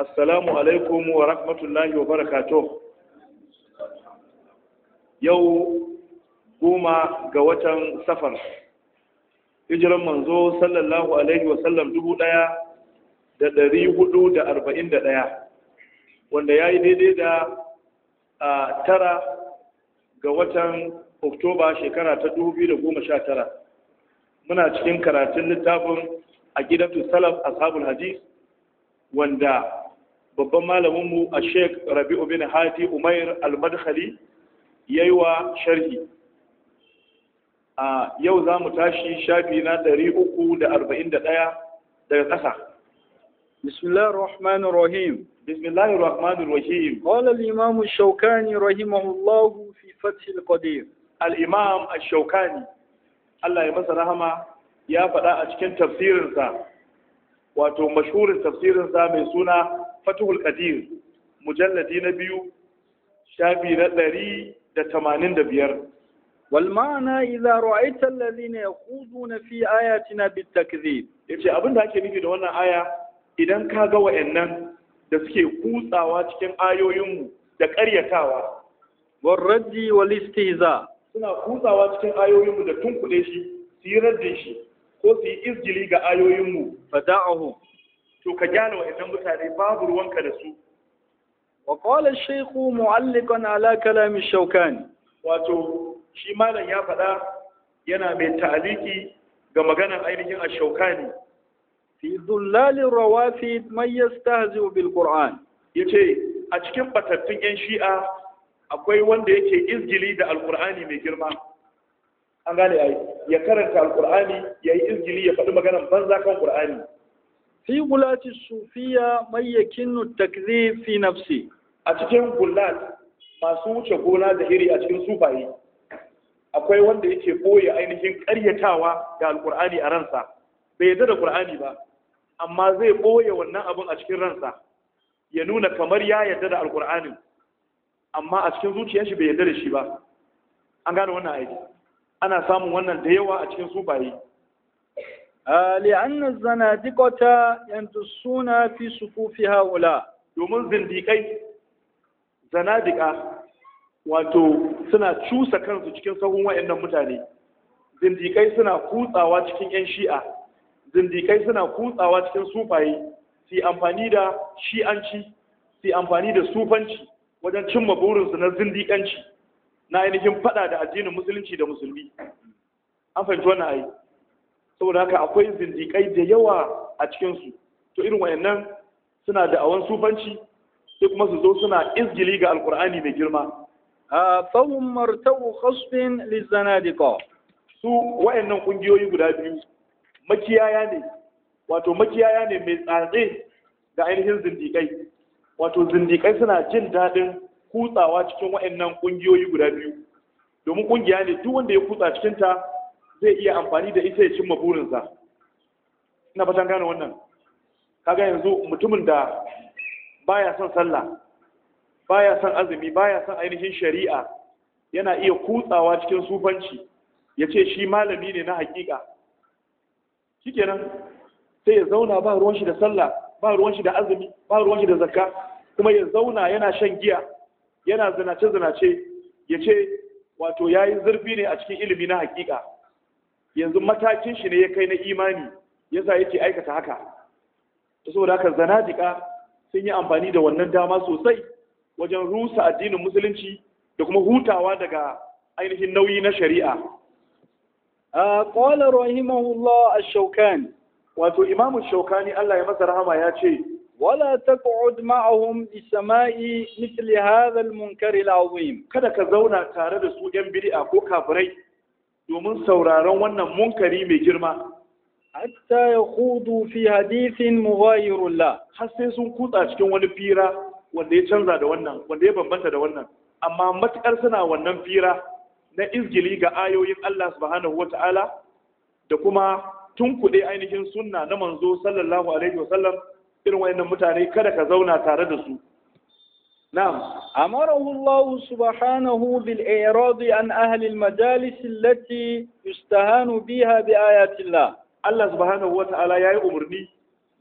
assalamu alaikum wa rahmatullahi wa barakatuh yau goma ga watan safar hijiran manzo sallallahu alaihi wa sallam dubu daya da dari hudu da arba'in da daya wanda ya yi daidai da a tara ga watan oktoba shekara ta dubu biyu da goma sha tara muna cikin karatun littafin a gidan salaf ashabul hadis wanda babban malaminmu a sheik rabi'u bin hadi umair al-madkhali ya yi wa sharhi a yau za mu tashi shafi na 341 daga ƙasa bismillahir rahmanir rahim bismillahir rahmanir rahim qala al-imam rahimahullahu fi fath al-qadir al-imam ash-shawkani Allah ya masa rahama ya faɗa a cikin tafsirinsa wato mashhurin tafsirin sa mai suna fatuhul Qadir mujalladi na biyu shafi na ɗari da tamanin da biyar walmana iza رأيت الذين يخوضون في آياتنا بالتكذيب yace abin da ake nufi da wannan aya idan ka ga wayannan da suke kutsawa cikin ayoyinmu da ƙaryatawa wal raddi wal istihza suna kutsawa cikin ayoyinmu da tunkuɗe shi su yi raddin shi ko su yi izgili ga ayoyinmu fada'ahu to ka gyara wa idan mutane babu ruwanka da su wa qala mu'allikan mu'alliqan ala kalam ne. wato shi malam ya faɗa yana mai ta'aliki ga maganar ainihin ash-shawkani fi dhullali rawafid man yastahzi'u bilkur'an. Ya yace a cikin batattun yan shi'a akwai wanda yake izgili da Alkur'ani mai girma an gane yayi ya karanta alqur'ani yi izgili ya faɗi maganar banza kan qur'ani fi gulati sufiya may yakinu takdhib fi nafsi a cikin gulat masu wuce gona da iri a cikin sufaye akwai wanda yake boye ainihin ƙaryatawa da alqur'ani a ransa bai yarda da qur'ani ba amma zai boye wannan abin a cikin ransa ya nuna kamar ya yarda da alqur'anin amma a cikin zuciyarsa bai yarda da shi ba an gane wannan aiki ana samun wannan da yawa a cikin sufaye ah, li'anna zanadiqata yantusuna fi sufufi haula domin zindikai zanadiqa wato suna cusa kansu cikin sahun wayannan mutane zindikai suna kutsawa cikin yan shi'a zindikai suna kutsawa cikin sufaye si amfani da shi'anci si amfani da sufanci wajen cimma burinsu na zindikanci na ainihin fada da addinin musulunci da musulmi an fahimci wannan ayi. saboda haka akwai zindikai da yawa a cikin su to irin wayannan suna da awan sufanci sai kuma su zo suna izgili ga alqur'ani mai girma fahim martabu khasbin lizanadiqa su wayannan kungiyoyi guda biyu makiyaya ne wato makiyaya ne mai tsatse ga ainihin zindikai wato zindikai suna jin daɗin kutsawa cikin waɗannan ƙungiyoyi guda biyu domin ƙungiya ne duk wanda ya kutsa cikin ta zai iya amfani da ita ya cimma burinsa ina fatan gane wannan kaga yanzu mutumin da baya son sallah baya son azumi baya son ainihin shari'a yana iya kutsawa cikin sufanci ya ce shi malami ne na hakika shikenan sai ya zauna ba ruwan shi da sallah ba ruwan shi da azumi ba ruwan shi da zakka kuma ya zauna yana shan giya yana zinace zinace ya ce wato ya yi zurfi ne a cikin ilimi na hakika yanzu matakin shi ne ya kai na imani ya sa yake aikata haka ta saboda haka zanadika sun yi amfani da wannan dama sosai wajen rusa addinin musulunci da kuma hutawa daga ainihin nauyi na shari'a qala rahimahullah ash-shawkani wato imamu shawkani Allah ya masa rahama ya ce ولا تقعد معهم لسماء مثل هذا المنكر العظيم kada ka zauna tare da su yan bid'a ko kafirai domin sauraron wannan munkari mai girma hatta yakhudu fi hadithin mughayir la har sai sun kutsa cikin wani fira wanda ya canza da wannan wanda ya bambanta da wannan amma matukar suna wannan fira na izgili ga ayoyin Allah subhanahu wata'ala da kuma tunkuɗe ainihin sunna na manzo sallallahu alaihi wasallam irin wayannan mutane kada ka zauna tare da su Na'am. نعم أمره an سبحانه بالإعراض عن أهل المجالس التي يستهان بها Allah الله الله سبحانه وتعالى يا أمرني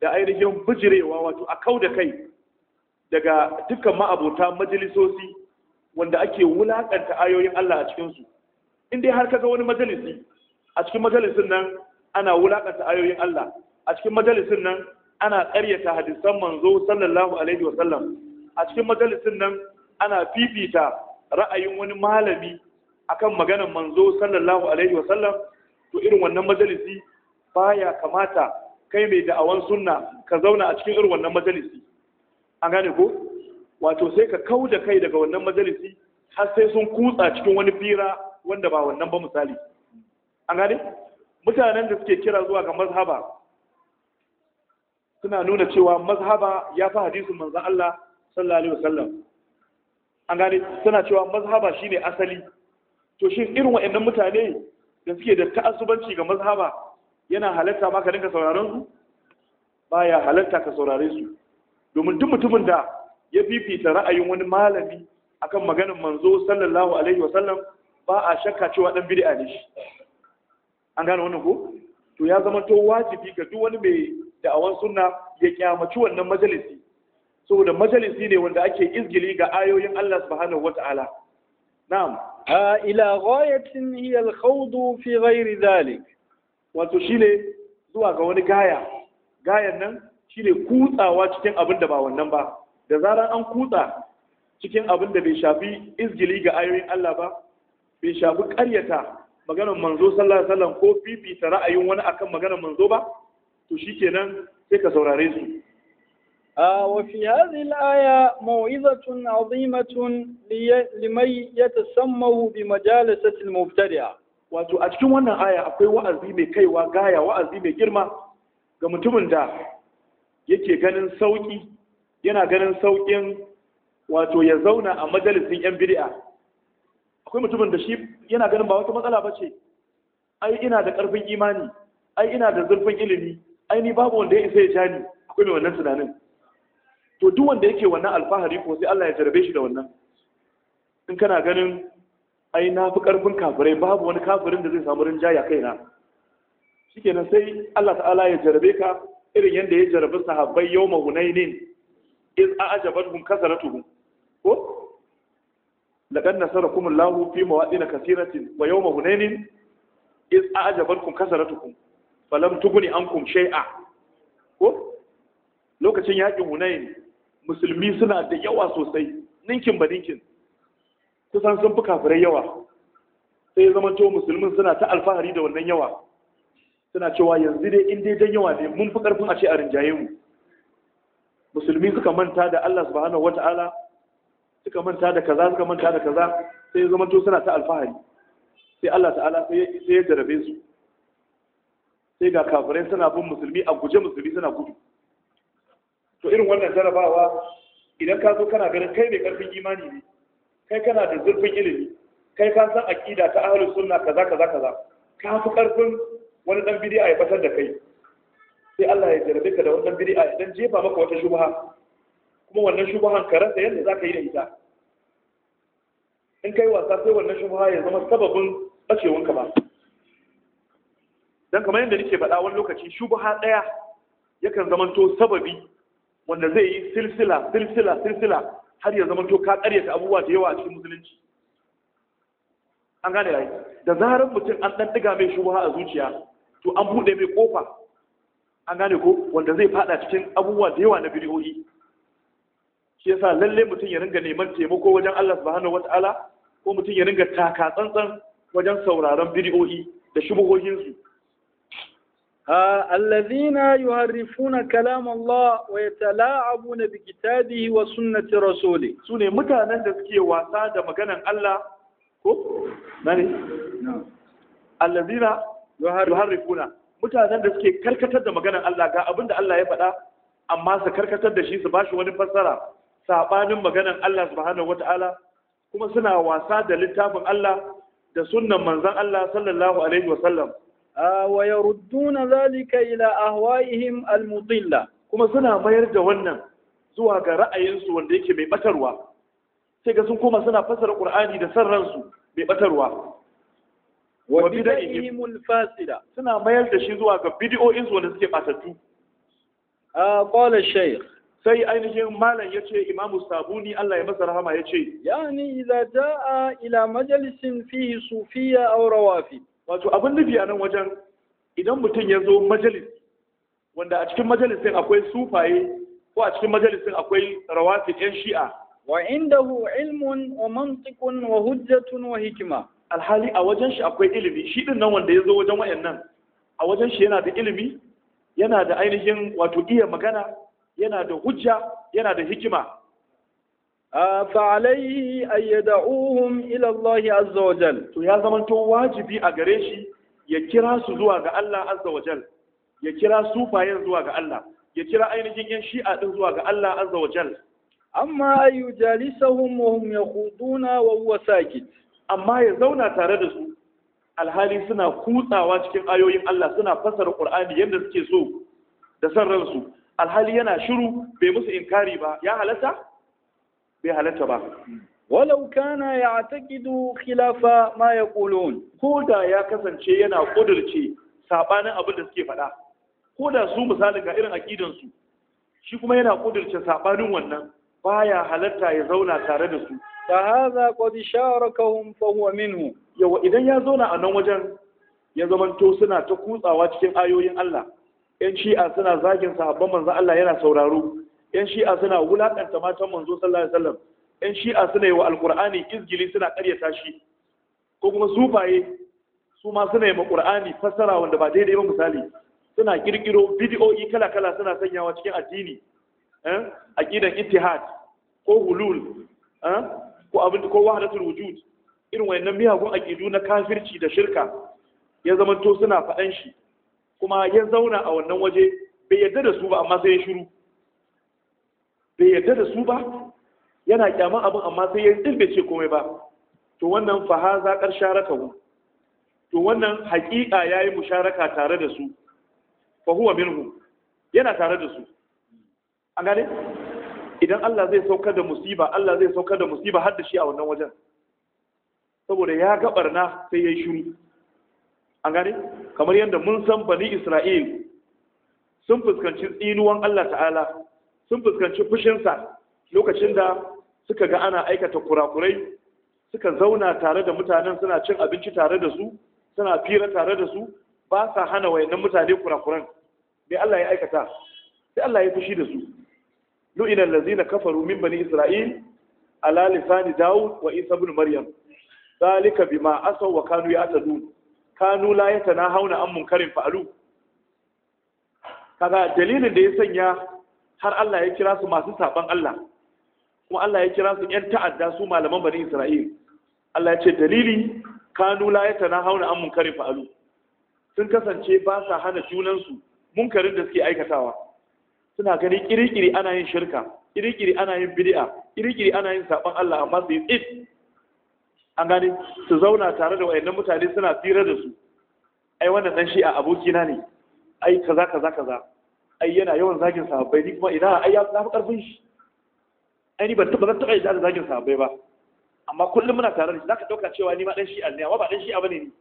da ainihin bijirewa wato a kau da kai daga dukkan ma'abota majalisosi wanda ake wulakanta ayoyin Allah a cikinsu in dai har kaga wani majalisi a cikin majalisin nan ana wulakanta ayoyin Allah a cikin majalisin nan ana ƙaryata hadisan manzo sallallahu alaihi wa sallam a cikin majalisin nan ana fifita ra'ayin wani malami akan maganar manzo sallallahu alaihi wa sallam to irin wannan majalisi baya kamata kai mai da'awan sunna ka zauna a cikin irin wannan majalisi an gane ko wato sai ka kau da kai daga wannan majalisi har sai sun kutsa cikin wani fira wanda ba wannan ba misali an gane mutanen da suke kira zuwa ga mazhaba suna nuna cewa mazhaba ya fi hadisin manzan Allah sallallahu alaihi wasallam an gane suna cewa mazhaba shine asali to shin irin wa'annan mutane da suke da ta'assubanci ga mazhaba yana halatta ma ka dinka sauraron su baya halatta ka saurare su domin duk mutumin da ya fifita ra'ayin wani malami akan maganar manzo sallallahu alaihi wasallam ba a shakka cewa dan bid'a ne shi an gane wannan ko to ya zama to wajibi ga duk wani mai da awan sunna ya kyamaci wannan majalisi saboda majalisi ne wanda ake izgili ga ayoyin Allah subhanahu wata'ala na'am ila ghayatin hiya al-khawd fi ghairi dhalik wato shine zuwa ga wani gaya gayan nan shine kutsawa cikin abin da ba wannan ba da zaran an kutsa cikin abin da bai shafi izgili ga ayoyin Allah ba bai shafi ƙaryata maganar manzo sallallahu alaihi wasallam ko fifita ra'ayin wani akan maganar manzo ba to nan sai ka saurare su A وفي هذه الآية موعظة عظيمة لمن يتسموا بمجالسة المبتدعة wato a cikin wannan aya akwai wa'azi mai kaiwa gaya wa'azi mai girma ga mutumin da yake ganin sauki yana ganin saukin wato ya zauna a majalisin yan bid'a akwai mutumin da shi yana ganin ba wata matsala bace ai ina da ƙarfin imani ai ina da zurfin ilimi aini babu wanda ya isa ya ja ni akwai mai wannan tunanin to duk wanda yake wannan alfahari ko sai Allah ya jarabe shi da wannan in kana ganin ai na fi karfin kafirai babu wani kafirin da zai samu rinjaya kaina shikenan sai Allah ta'ala ya jarabe ka irin yadda ya jarabi sahabbai yawma hunainin iz a'jabatkum kasaratuhum ko لقد نصركم الله في falam tuguni kun shay'a ko lokacin yakin hunain musulmi suna da yawa sosai ninkin ba ninkin kusan sun fi kafirai yawa sai zama to musulmin suna ta alfahari da wannan yawa suna cewa yanzu dai in dai dan yawa ne mun fi karfin a ce a rinjaye mu musulmi suka manta da Allah subhanahu wata'ala suka manta da kaza suka manta da kaza sai zama to suna ta alfahari sai Allah ta'ala sai ya jarabe su sai ga kafirai suna bin musulmi a guje musulmi suna gudu to irin wannan jarabawa idan ka zo kana ganin kai mai karfin imani ne kai kana da zurfin ilimi kai ka san aƙida ta ahlus sunna kaza kaza kaza ka fi karfin wani dan bid'a ya batar da kai sai Allah ya jarabe ka da wannan bid'a ya dan jefa maka wata shubha kuma wannan shubhan ka rasa yadda zaka yi da ita in kai wasa sai wannan shubha ya zama sababin bacewanka ba dan kamar yadda nake faɗa wani lokaci shubha ɗaya yakan zamanto sababi wanda zai yi silsila silsila silsila har ya zamanto ka ƙaryata abubuwa da yawa a cikin musulunci an gane rai da zarar mutum an ɗan ɗiga mai shubha a zuciya to an buɗe mai ƙofa an gane ko wanda zai faɗa cikin abubuwa da yawa na bidiyoyi shi yasa lalle mutum ya ringa neman taimako wajen Allah subhanahu wataala ko mutum ya ringa taka tsantsan wajen sauraron bidiyoyi da shubuhohinsu الذين يحرفون كلام الله ويتلاعبون بكتابه وسنة رسوله سوني متانن da suke wasa da maganan Allah ko nani allazina yuharrifuna mutanen da suke karkatar da maganan Allah ga abinda Allah ya faɗa amma su karkatar da shi su bashi wani fassara sabanin maganan Allah kuma suna wasa da littafin Allah da sunnan manzon Allah sallallahu alaihi sallam? wa yarudduna zalika ila ahwaihim almudilla kuma suna mayar da wannan zuwa ga ra'ayinsu wanda yake mai batarwa sai ga sun koma suna fasara qur'ani da san ransu mai batarwa wa bid'ihim alfasida suna mayar da shi zuwa ga bid'o'in su wanda suke batattu qala shaykh sai ainihin malam ya ce imamu sabuni Allah ya masa rahama ya ce yani idza jaa ila majalisin fihi sufiya aw rawafi wato abin nufi a nan wajen idan mutum ya zo majalis wanda a cikin majalisin akwai sufaye ko a cikin majalisin akwai rawatin yan shi'a wa indahu ilmun wa mantiqun wa hujjatun wa hikima alhali a wajen shi akwai ilimi shi din nan wanda ya zo wajen wayannan a wajen shi yana da ilimi yana da ainihin wato iya magana yana da hujja yana da hikima فعليه أن يدعوهم إلى الله عز وجل to ya zamanto wajibi a gare shi ya kira su zuwa ga Allah azza wajal ya kira sufayen zuwa ga Allah ya kira ainihin yan shi'a din zuwa ga Allah azza wajal amma ayu jalisahum wa hum yakhuduna wa huwa sakit amma ya zauna tare da su alhali suna kutsawa cikin ayoyin Allah suna fasara Qur'ani yadda suke so da san ransu alhali yana shiru bai musu inkari ba ya halatta bai halatta ba walau kana ya taqidu khilafa ma ƙulun, ko da ya kasance yana ƙudurce saɓanin abin da suke faɗa ko da su misalin ga irin aƙidansu, shi kuma yana kudurce saɓanin wannan baya halatta ya zauna tare da su Ta haza qad sharakahum fa minhu yawa idan ya zauna a nan wajen ya zamanto suna ta kutsawa cikin ayoyin Allah yan shi'a suna zagin sahabban manzon Allah yana sauraro yan shi'a suna wulakanta matan manzo sallallahu alaihi wasallam yan shi'a suna yi wa alqur'ani izgili suna karyata shi ko kuma sufaye su ma suna yi wa qur'ani fassara wanda ba daidai ba misali suna kirkiro bidiyoyi kala kala suna sanyawa cikin addini eh aqidan ittihad ko hulul eh ko abin ko wahdatul wujud irin wayannan miyagun aqidu na kafirci da shirka ya to suna faɗan shi kuma ya zauna a wannan waje bai yarda da su ba amma sai ya shiru bai yarda da su ba yana kyama abin amma sai ya din bai ce komai ba to wannan faha fa sharaka karsharakahu to wannan haƙiƙa ya mu musharaka tare da su fa huwa minhu yana tare da su an gane idan Allah zai saukar da musiba Allah zai saukar da musiba har da shi a wannan wajen saboda ya ga barna sai yayi shiru an gane kamar yadda mun san bani Isra'il sun fuskanci tsinuwan Allah ta'ala sun fuskanci fushinsa lokacin da suka ga ana aikata kurakurai suka zauna tare da mutanen suna cin abinci tare da su suna fira tare da su ba sa hana wayannan mutane kurakuran dai Allah ya aikata sai Allah ya fushi da su lu'ina ladzina kafaru min bani isra'il ala lisani daud wa isa ibn maryam zalika bima asaw wa kanu ya'tadun kanu la yatanahawna an munkarin fa'alu kaga dalilin da ya sanya har Allah ya kira su masu saban Allah kuma Allah ya kira su ƴan ta'adda su malaman bani Isra'il Allah ya ce dalili kanu la ya tana hauna an munkarin fa'alu sun kasance ba sa hana junansu munkarin da suke aikatawa suna gani kirikiri ana yin shirka kirikiri ana yin bid'a kirikiri ana yin saban Allah amma su yi an gani su zauna tare da wayannan mutane suna tsira da su ai wannan dan shi'a abokina ne ai kaza kaza kaza ai yana yawan zagin sahabbai ni kuma ina ai ya fi karfin shi ai ni ban taba zan taba yadda zagin sahabbai ba amma kullum muna tare da shi zaka dauka cewa ni ma dan shi'a ne amma ba dan shi'a bane ni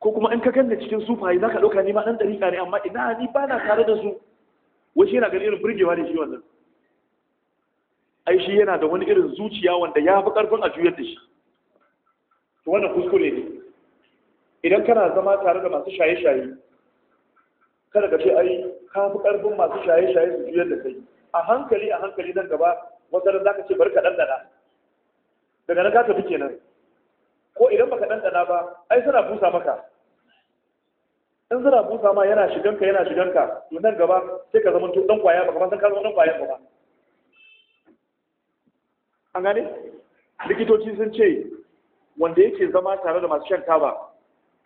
ko kuma in ka kanna cikin sufaye zaka dauka ni ma dan dariƙa ne amma ina ni ba na tare da su wai shi yana ganin irin burgewa ne shi wannan ai shi yana da wani irin zuciya wanda ya fi karfin a juyar da shi to wannan kuskure ne idan kana zama tare da masu shaye-shaye kada ka ce ai ka fi karfin masu shaye-shaye su juyar da kai a hankali a hankali nan gaba wata za ka ce bari ka ɗanɗana daga nan ka tafi kenan ko idan baka ɗanɗana ba ai suna busa maka in suna busa ma yana shigan ka, yana shigan ka, to nan gaba sai ka zama ɗan kwaya ba, kamar san ka zama ɗan kwaya ba an gane likitoci sun ce wanda yake zama tare da masu shan taba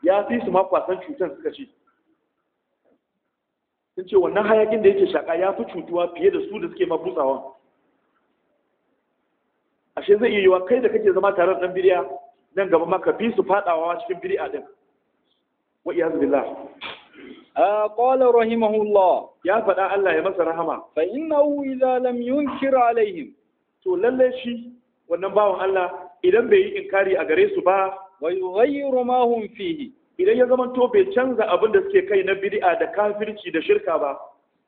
ya fi su ma kwasan cutar suka ce sun ce wannan hayakin da yake shaka ya fi cutuwa fiye da su da suke ma ashe zai iya yiwa kai da kake zama tare da dan biriya nan gaba ma ka fi su fadawa cikin biri'a din wa iyaz billah qala rahimahullah ya faɗa Allah ya masa rahama fa innahu idza lam yunkir alaihim to lalle shi wannan bawan Allah idan bai yi inkari a gare su ba wa yughayyiru ma hum fihi idan ya zama to bai canza abin da suke kai na bid'a da kafirci da shirka ba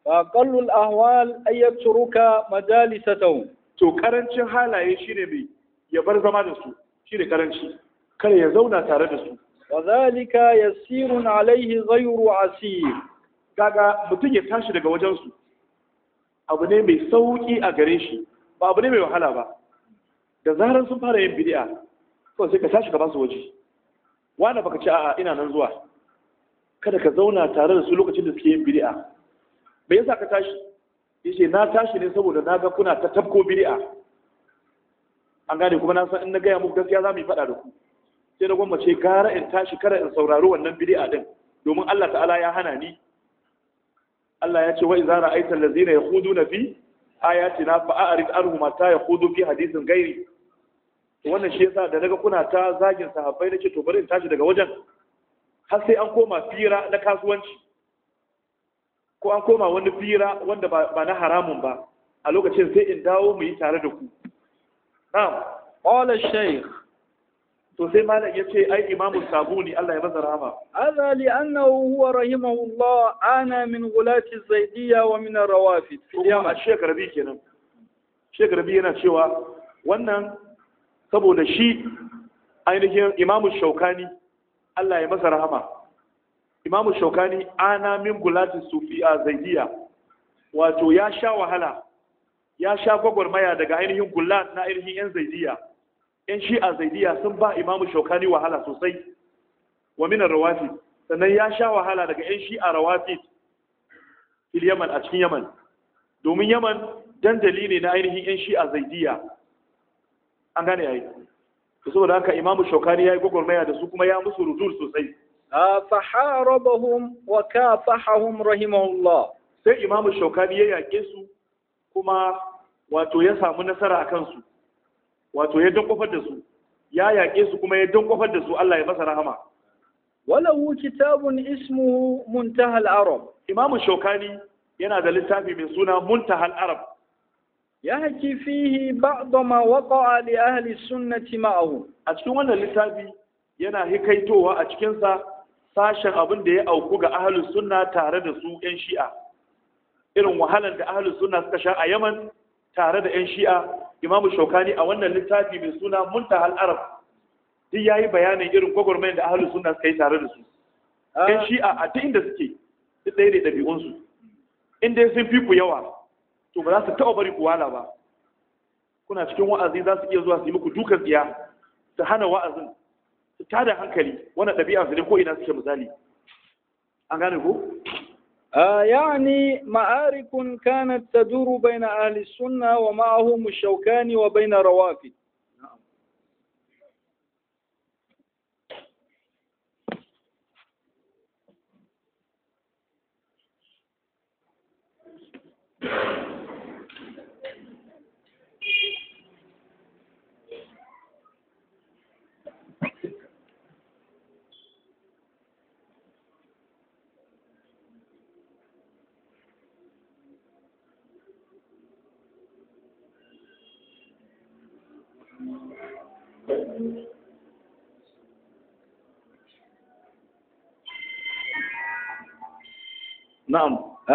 fa qallul ahwal ay yatruka to karancin halaye shine mai ya bar zama da su shine karanci Kar ya zauna tare da su wa zalika yasirun alaihi ghayru asir kaga mutum ya tashi daga wajen su abu ne mai sauki a gare shi ba abu ne mai wahala ba da zarar sun fara yin bid'a to sai ka tashi ka ba su waje wanda baka ce a'a ina nan zuwa kada ka zauna tare da su lokacin da suke yin bid'a me yasa ka tashi yace na tashi ne saboda na ga kuna ta tabko bid'a an gane kuma na san in na gaya muku gaskiya za mu yi faɗa da ku sai na gwammace gara in tashi kada in saurari wannan bid'a din domin Allah ta'ala ya hana ni Allah ya ce wa idza ra'aita allazina yakhuduna fi ayatina fa'arid anhum ta yakhudu fi hadithin ghairi wannan shi yasa da naga kuna ta zagin sahabbai nake to bari in tashi daga wajen har sai an koma fira na kasuwanci ko an koma wani fira wanda ba na haramun ba a lokacin sai in dawo mu yi tare da ku na'am qala shaykh to sai malam yace ai imamu sabuni Allah ya masa rahama Azali, annahu huwa rahimahullah ana min gulati zaidiya wa min rawafid ya ma rabi kenan rabi yana cewa wannan saboda shi ainihin imamu shaukani Allah ya masa rahama imamu shaukani ana min sufi a zaidiya wato ya sha wahala ya sha gwagwarmaya daga ainihin gulat na ainihin yan zaidiya yan a zaidiya sun ba imamu shaukani wahala sosai wa minar rawafi sannan ya sha wahala daga yan a rawafi fil yaman a cikin yaman domin yaman dandali ne na ainihin yan a zaidiya an gane yayi to saboda haka imamu shaukani yayi gogormaya da su kuma ya musu rudul sosai faharabahum wa kafahum rahimahullah sai imamu shaukani ya yake su kuma wato ya samu nasara a kansu wato ya dankofar da su ya yake su kuma ya dankofar da su Allah ya masa rahama walahu kitabun ismuhu muntahal arab imamu shaukani yana da littafi mai suna muntahal arab yahki fihi ba'd ma waqa'a li ahli sunnati ma'ahu a cikin wannan littafi yana hikaitowa a cikin sa sashen abin da ya auku ga ahli sunna tare da su yan shi'a irin wahalar da ahli sunna suka sha a Yaman tare da yan shi'a imamu shokani a wannan littafi mai suna muntahal arab duk yayi bayanin irin gwagwarmayar da ahli sunna suka yi tare da su ah. yan shi'a a duk inda suke duk ɗaya da ɗabi'unsu in dai sun fi ku yawa to ba za su taɓa bari ku wala ba kuna cikin wa'azi za su iya zuwa su yi muku dukan tsiya su hana wa'azin su tada hankali wannan ɗabi'a su ne ko ina suke misali an gane ko يعني معارك كانت تدور بين أهل السنة ومعهم الشوكاني وبين روافد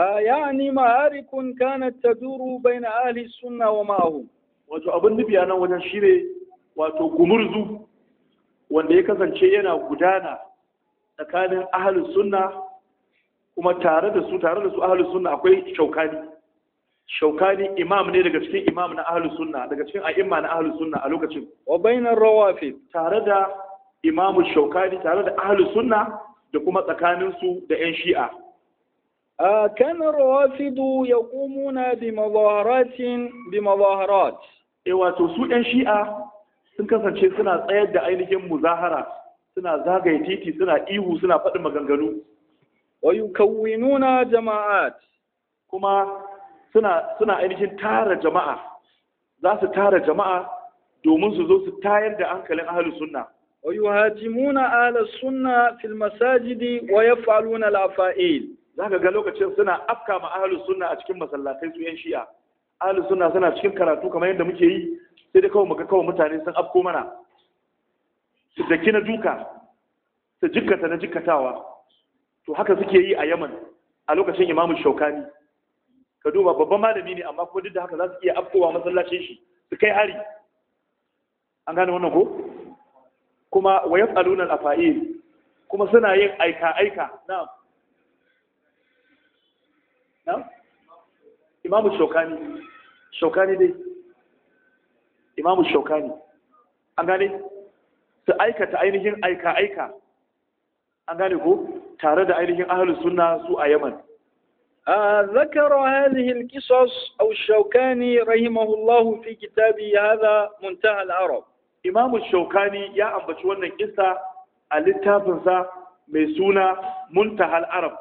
يعني معارك كانت تدور baina ahli sunna wa ma'ahum wato abin nufi a nan wajen shine wato gumurzu wanda ya kasance yana gudana tsakanin ahli sunna kuma tare da su tare da su ahli sunna akwai shaukani shaukani imam ne daga cikin imam na ahli sunna daga cikin a'imma na ahli sunna a lokacin wa bainar rawafi tare da imamu shaukani tare da ahli sunna da kuma tsakaninsu da yan shi'a كان الروافد يقومون بمظاهرات بمظاهرات eh wato su ɗan shi'a sun kasance suna tsayar da ainihin muzahara suna zagaye titi suna ihu suna faɗi maganganu wa yukawwinuna jama'at kuma suna suna ainihin tara jama'a za su tara jama'a domin su zo su tayar da hankalin ahlus sunna wa yuhatimuna ahlus sunna fil masajidi wa yaf'aluna al-afa'il za ka ga lokacin suna afka ma ahlus sunna a cikin masallatai su yan shi'a Ahlus sunna suna cikin karatu kamar yadda muke yi sai dai kawai muka kawai mutane sun afko mana su daki na duka su jikkata na jikkatawa to haka suke yi a yaman a lokacin imamu shaukani ka duba babban malami ne amma kuma duk da haka za su iya afkowa masallacin shi su kai hari an gane wannan ko kuma wa yaf'aluna al-afa'il kuma suna yin aika aika na'am imamu shaukani dai imamu an gane su aikata ainihin aika-aika an gane ko tare da ainihin ahalus sunna su a yaman ذكر هذه القصص أو الشوكاني رحمه الله في كتابه هذا منتهى العرب إمام الشوكاني يا أبا شوانا قصة الكتاب mai suna Muntahar arab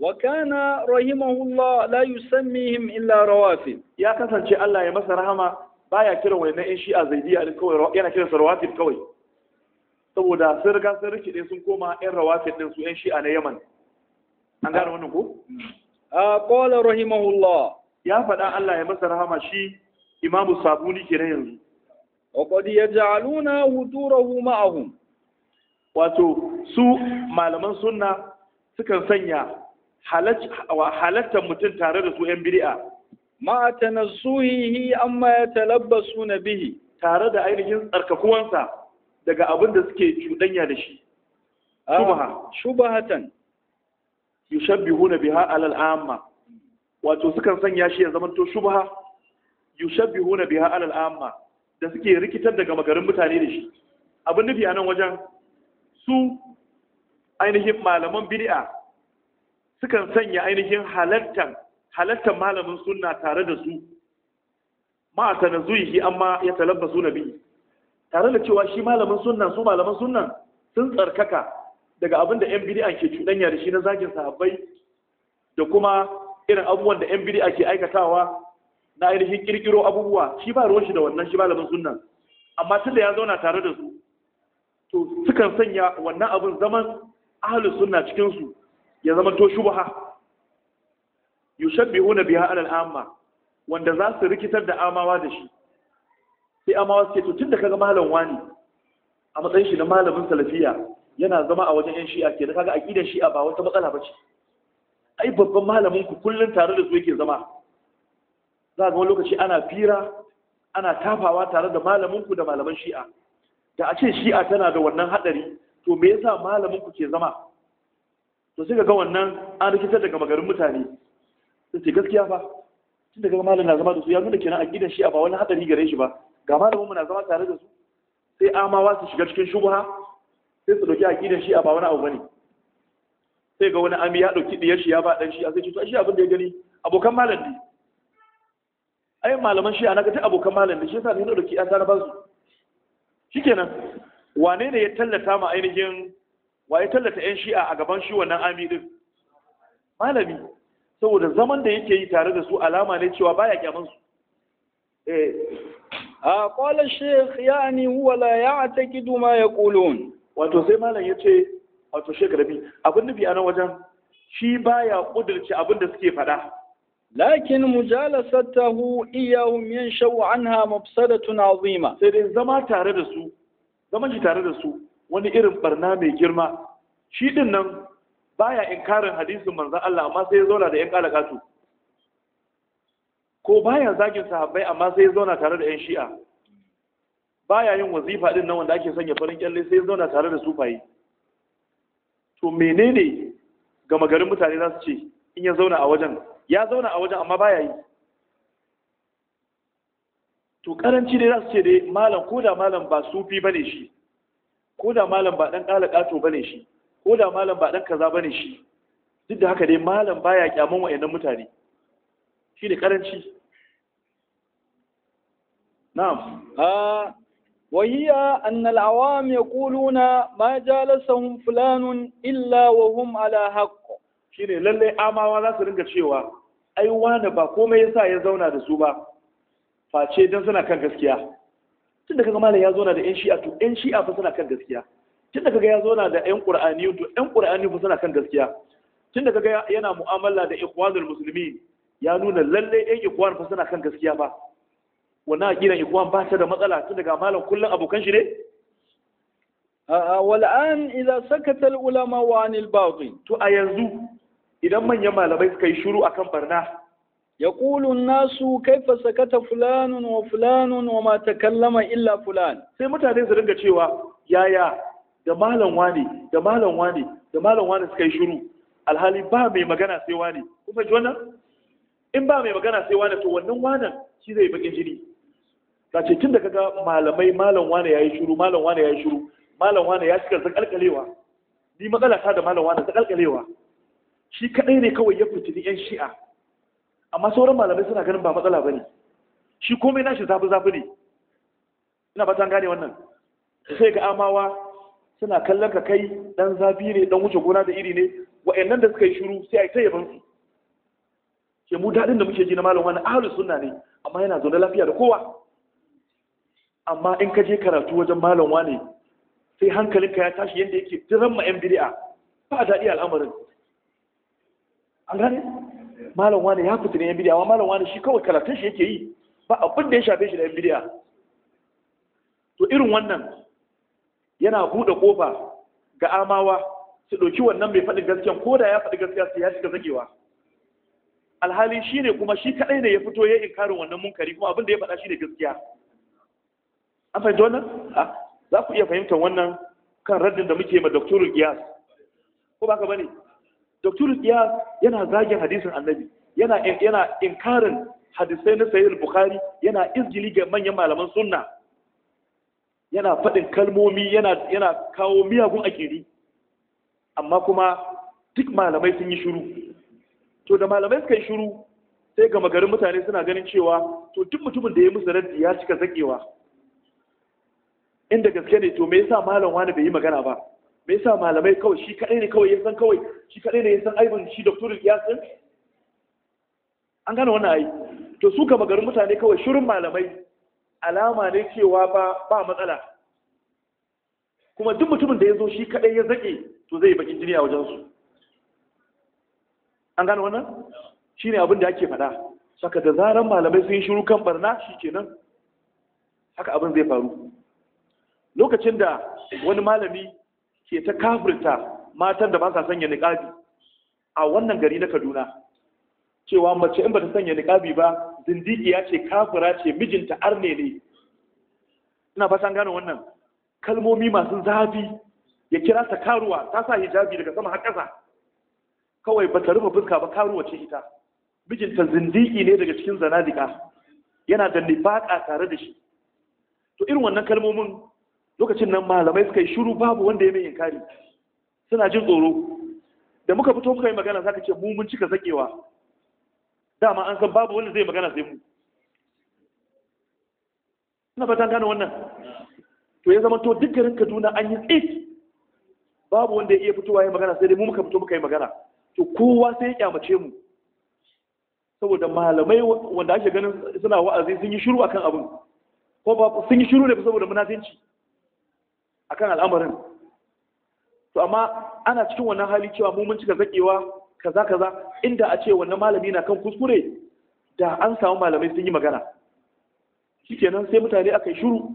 وكان رحمه الله لا يسميهم إلا روافد يا كسان شيء الله Ya مسا رحمة بايا كيرو وين إن شيء أزيدية الكوي يعني كيرو رواتب كوي saboda sun riga sun rike ne sun koma yan rawafin din su yan shi'a na Yaman an gane wannan ko a qala rahimahullah ya faɗa Allah ya masa rahama shi imamu sabuni kenan yanzu wa qad yaj'aluna hudurahu ma'ahum wato su malaman sunna sukan sanya halattar mutum tare da su ‘yan biri'a. Ma a amma ya talabbasu na bihi. Tare da ainihin tsarkakuwansa daga abin da suke cuɗanya da shi. Ah, shubaha. Shubahatan. na biha alal amma. Wato sukan sanya shi ya zamanto shubaha. na biha alal amma. Da suke rikitar daga magarin mutane da shi. Abin nufi a nan wajen su ainihin malaman bid'a sukan sanya ainihin halartan halartan malamin sunna tare da su ma a tanazzuhi amma ya talabba suna nabi tare da cewa shi malamin sunna su malaman sunna sun tsarkaka daga abin da 'yan a ke cuɗanya da shi na zagin sahabbai da kuma irin abubuwan da 'yan a ke aikatawa na ainihin kirkiro abubuwa shi ba ruwan shi da wannan shi malamin sunna amma tunda ya zauna tare da su to sukan sanya wannan abin zaman ahlus sunna cikin su ya zama to shubha yushabbihuna biha ala al-amma wanda za su rikitar da amawa da shi sai amawa suke to tunda kaga malam wani a matsayin shi na malamin salafiya yana zama a wajen yan shi'a kenan kaga aqidar shi'a ba wata matsala bace ai babban malamin ku kullun tare da su yake zama za ga lokaci ana fira ana tafawa tare da malamin ku da malaman shi'a da a ce shi'a tana da wannan hadari to me yasa malamin ku ke zama to suka ga wannan an rikitar daga magarin mutane sun ce gaskiya fa tun daga malam na zama da su ya nuna kenan a gidan shi a ba wani hadari gare shi ba ga malamin mu na zama tare da su sai amawa su shiga cikin shubha sai su dauki gidan shi a ba wani abu bane sai ga wani ami ya dauki diyar shi ya ba dan shi a sai ce to shi abin da ya gani abokan malam ne ai malaman shi ana ga ta abokan malam ne shi yasa ne dauki an tana na ba su shikenan wane ne ya tallata ma ainihin Wa ya tallata yan shi'a a gaban shi wannan ami din malami saboda zaman da yake yi tare da su alama ne cewa baya kyaman su eh a qala shaykh yani huwa la ya'taqidu ma yaqulun wato sai malam yace wato shaykh rabi abin nufi anan wajen shi baya kudurci abin da suke faɗa lakin mujalasatahu iyahum yanshau anha mafsadatun azima sai dai zama tare da su zaman shi tare da su wani irin barna mai girma shi din nan baya inkarin hadisin manzon Allah amma sai ya zauna da yan kalakatu ko baya zagin sahabbai amma sai ya zauna tare da yan shi'a baya yin wazifa din nan wanda ake sanya farin kyalle sai ya zauna tare da sufayi to menene gama garin mutane za su ce in ya zauna a wajen ya zauna a wajen amma baya yi to karanci dai za su ce dai malam ko da malam ba sufi bane shi ko da malam ba dan kala kato bane shi ko da malam ba dan kaza bane shi duk da haka dai malam baya kyaman wayannan mutane shi ne karanci na'am ah وهي أن العوام يقولون ما جالسهم فلان إلا وهم على حق shine lalle amawa za su ringa cewa ai wani ba komai yasa ya zauna da su ba face dan suna kan gaskiya tunda kaga malam ya zauna da yan shi'a to yan shi'a fa suna kan gaskiya tunda kaga ya zauna da yan qur'ani to yan qur'ani fa suna kan gaskiya tunda kaga yana mu'amala da ikhwanul muslimin ya nuna lalle yan ikhwan fa suna kan gaskiya ba wannan aqidan ikhwan ba ta da matsala tun ga malam kullun abokan shi ne wal'an idza sakata al-ulama wa anil batil to a yanzu idan manyan malamai suka yi shiru akan barna يقول الناس كيف سكت فلان وفلان وما تكلم إلا فلان sai mutane su ringa cewa yaya da malam wani da malam wani da malam wani suka yi shiru alhali ba mai magana sai wani ku fahimci wannan in ba mai magana sai wani to wannan wanan shi zai bakin jini ka ce tun da kaga malamai malam wani yayi shiru malam wani yayi shiru malam wani ya cika kalkalewa ni matsala ta da malam wani kalkalewa shi kadai ne kawai ya fitini yan shi'a amma sauran malamai suna ganin ba matsala ba ne shi komai nashi zafi-zafi ne ina ba tan gane wannan sai ga amawa suna kallon ka kai dan zafi ne dan wuce gona da iri ne wa'annan da suka yi shiru sai a yi ta yaban su ke mu daɗin da muke ji na malam wani ahlus sunna ne amma yana zaune lafiya da kowa amma in ka je karatu wajen malam wani sai hankalinka ya tashi yadda yake tiran ma yan bid'a ba daɗi al'amarin an gane malam wani ya fita ne yan bidiya amma malam wani shi kawai karatun shi yake yi ba abin da ya shafe shi da yan bidiya to irin wannan yana buɗe ƙofa ga amawa su ɗauki wannan mai faɗin gaskiya ko da ya faɗi gaskiya sai ya shiga zagewa alhali shi ne kuma shi kaɗai ne ya fito ya inkarin wannan munkari kuma abin da ya faɗa shi ne gaskiya an fahimta wannan za ku iya fahimtar wannan kan raddin da muke ma doktorin giyas ko ba ka bane Dr. ya yana zagin hadisin Annabi yana yana inkarin hadisai na Sahih Bukhari yana izgili ga manyan malaman sunna yana faɗin kalmomi yana kawo miyagun akiri amma kuma duk malamai sun yi shiru to da malamai suka yi shiru sai ga garin mutane suna ganin cewa to duk mutumin da ya musu raddi ya cika zakewa inda gaske ne to me yasa malam wani bai yi magana ba me yasa malamai kawai shi kadai ne kawai ya san kawai shi kadai ne ya san aibin shi doktorin kiyasin an gane wannan ai to su gaba garin mutane kawai shirin malamai alama ne cewa ba ba matsala kuma duk mutumin da ya zo shi kadai ya zake to zai bakin jini a wajen su an gane wannan shine abin da ake faɗa saka da zaran malamai sun yi shiru kan barna kenan haka abin zai faru lokacin da wani malami ke ta kafirta matan da ba sa sanya niƙabi. a wannan gari na Kaduna cewa mace in ba ta sanya niƙabi ba zindigiya ce kafira ce mijinta arne ne ina fatan gano wannan kalmomi masu zafi ya kira ta karuwa ta sa hijabi daga sama har ƙasa kawai ba ta rufe fuska ba karuwa ce ita mijinta zindigi ne daga cikin zanadika yana da nifaka tare da shi to irin wannan kalmomin lokacin nan malamai suka yi shiru babu wanda ya mai inkari suna jin tsoro da muka fito muka yi magana zaka ce mu mun cika sakewa dama an san babu wanda zai magana sai mu ina fatan gane wannan to ya zama to duk garin Kaduna an yi tsit babu wanda ya iya fitowa ya magana sai dai mu muka fito muka yi magana to kowa sai ya kyamace mu saboda malamai wanda ake ganin suna wa'azi sun yi shiru akan abin ko ba sun yi shiru ne saboda munafinci akan al'amarin to amma ana cikin wannan hali cewa mu mun cika zakewa kaza kaza inda a ce wannan malami na kan kuskure da an samu malamai sun yi magana shikenan sai mutane aka yi shiru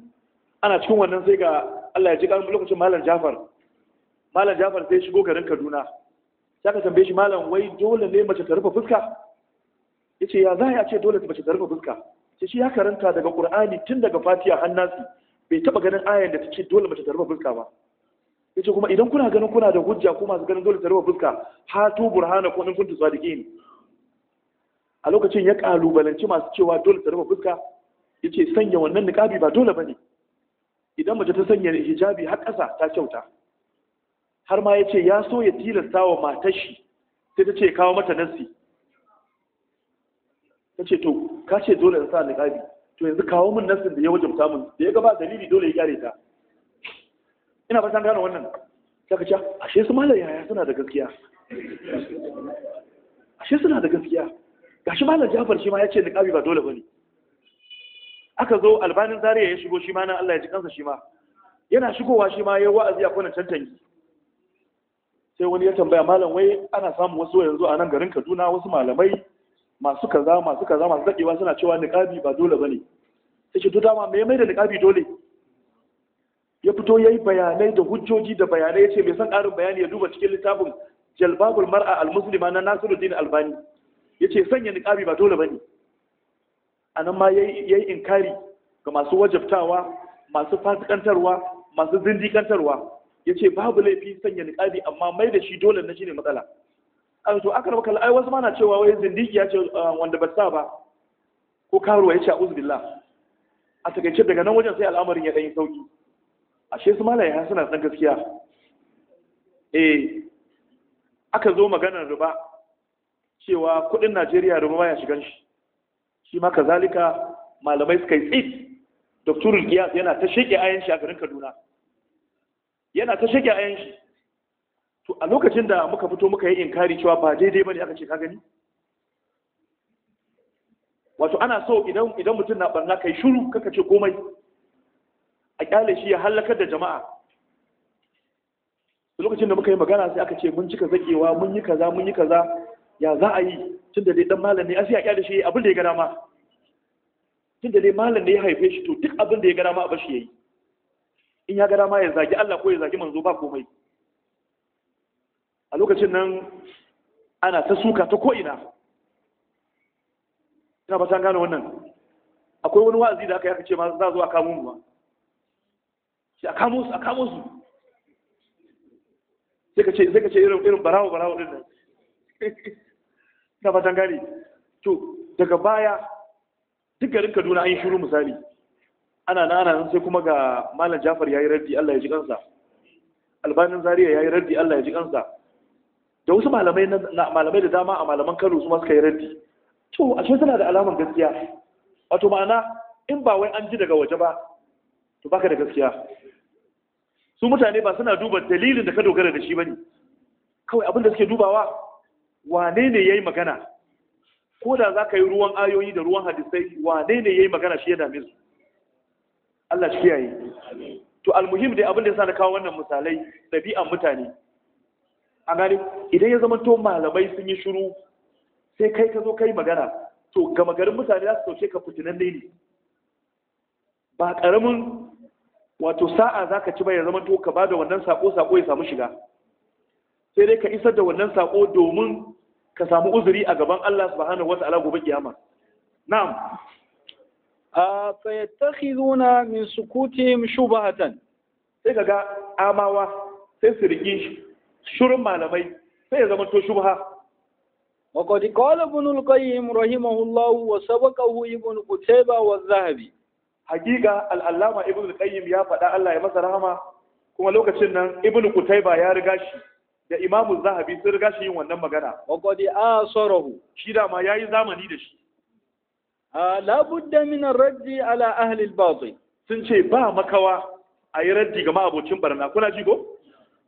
ana cikin wannan sai ga Allah ya ji karin lokacin malam Jafar malam Jafar sai shigo garin Kaduna sai ka tambaye shi malam wai dole ne mace ta rufe fuska yace ya za ce dole mace ta rufe fuska sai shi ya karanta daga Qur'ani tun daga Fatiha har Nasi bai taba ganin ayan da take dole mace ta rufe fuska ba yace kuma idan kuna ganin kuna da hujja kuma su ganin dole ta rufe fuska tu burhana ko in kuntu sadiqin a lokacin ya kalubalanci masu cewa dole ta rufe fuska yace sanya wannan niqabi ba dole bane idan mace ta sanya hijabi har ƙasa ta kyauta har ma yace ya so ya tilasta wa matar shi sai ta ce kawo mata nasi ta ce to ka ce dole ta sa niqabi to yanzu kawo min nassin da ya wajabta min da ya gaba dalili dole ya kyare ta ina fatan gane wannan saka ce ashe su malam yaya suna da gaskiya ashe suna da gaskiya gashi malam Jafar shi ma ya ce kabi ba dole bane aka zo albanin zariya ya shigo shi ma nan Allah ya ji kansa shi ma yana shigowa shi ma ya wa'azi a nan tantangi sai wani ya tambaya malam wai ana samun wasu yanzu a nan garin Kaduna wasu malamai masu kaza masu kaza masu daɗewa suna cewa niƙabi ba dole ba ne sai duk dama me mai da niƙabi dole ya fito ya yi bayanai da hujjoji da bayanai ya ce mai son ƙarin bayani ya duba cikin littafin jalbabul mar'a al-muslima na nasiruddin albani ya ce sanya niƙabi ba dole ba ne a nan ma ya yi inkari ga masu wajabtawa masu fasikantarwa masu zindikantarwa ya ce babu laifi sanya niƙabi amma mai da shi dole na shi ne matsala a to aka rabu ai wasu mana cewa wai zindiki ya ce ah, wanda ba sa ba ko karuwa ya ce a'udhu a takaice daga nan wajen sai al'amarin ya yi sauki ashe su malaye ha suna san gaskiya eh aka zo maganar riba cewa kuɗin Najeriya riba baya shigan shi shi ma kazalika malamai suka yi tsit Dr. Giyas yana ta shege ayan shi a garin Kaduna yana ta shege ayan shi to a lokacin da muka fito muka yi inkari cewa ba daidai bane aka ce ka gani wato ana so idan idan mutum na barna kai shiru kaka ce komai a kyale shi ya halakar da jama'a lokacin da muka yi magana sai aka ce mun cika zakewa mun yi kaza mun yi kaza ya za a yi tunda dai dan malam ne sai a kyale shi abin da ya ga dama Tunda dai malam ne ya haife shi to duk abin da ya ga dama a bar shi yayi in ya ga dama ya zagi Allah ko ya zagi manzo ba komai a lokacin nan ana ta suka ta ko'ina ina ba ta gane wannan akwai wani wa'azi da aka yi aka ce ma za zuwa kamun ruwa shi a kamo su a kamun su sai ka ce sai ka ce irin irin barawo barawo din nan ina ba ta gane to daga baya duk garin Kaduna an yi shuru misali ana na ana sai kuma ga Malam Jafar ya yi raddi Allah ya ji kansa Albanin Zaria yi raddi Allah ya ji kansa da wasu malamai na malamai da dama a malaman Kano su ma suka yi raddi to a ashe suna da alaman gaskiya wato ma'ana in ba wai an ji daga waje ba to baka da gaskiya su mutane ba suna duba dalilin da ka dogara da shi bane kawai abin da suke dubawa wane ne yayi magana ko da za ka yi ruwan ayoyi da ruwan hadisai wane ne yayi magana shi ya dame su Allah shi kiyaye to almuhim dai abin da yasa na kawo wannan misalai ɗabi'an mutane an gani idan ya zama to malamai sun yi shiru sai kai ka zo kai magana to gama garin mutane za su sauke ka fitinan ne ba karamin wato sa'a za ka ci bayan zama to ka ba da wannan sako sako ya samu shiga sai dai ka isar da wannan sako domin ka samu uzuri a gaban Allah subhanahu ta'ala gobe kiyama na'am a fayattakhizuna min sukutihim shubahatan sai kaga amawa sai su rike shirin malamai sai ya zama to shubha وقد قال ابن القيم رحمه الله وسبقه ابن قتيبة والذهبي حقيقة العلامة ابن ya يا "Allah ya masa رحمه kuma lokacin nan Ibn kutaiba ya riga shi da imamu zahabi sun riga shi yin wannan magana wa qad asarahu shi da ma yi zamani da shi A budda da ar raddi ala ahli al sun ce ba makawa yi raddi ga ma'abocin barna kuna ji ko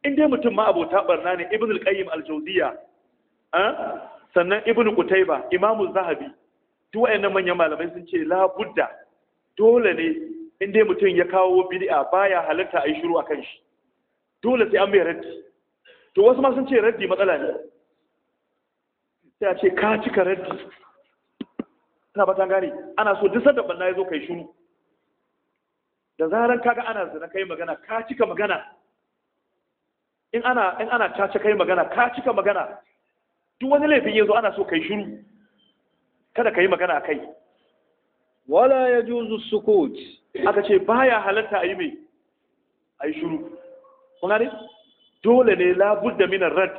in dai mutum ma abota barna ne ibn al-qayyim al-jawziya ah, sannan ibn qutayba imam zahabi duk wayannan manyan malamai sun ce la budda dole ne in dai mutum ya kawo bid'a baya halarta a yi shiru akan shi dole sai an mai raddi to wasu ma sun ce raddi matsala ne sai a ce ka cika raddi ina ba ta gane ana so duk sanda barna ya zo kai shiru da zaran kaga ana zina kai magana ka cika magana in ana caca kai magana ka cika magana duk wani laifin yanzu ana so kai shiru kada ka yi magana kai wala ya su sukut aka ce baya halatta a yi mai yi shiru kun ne dole ne labud da minar rad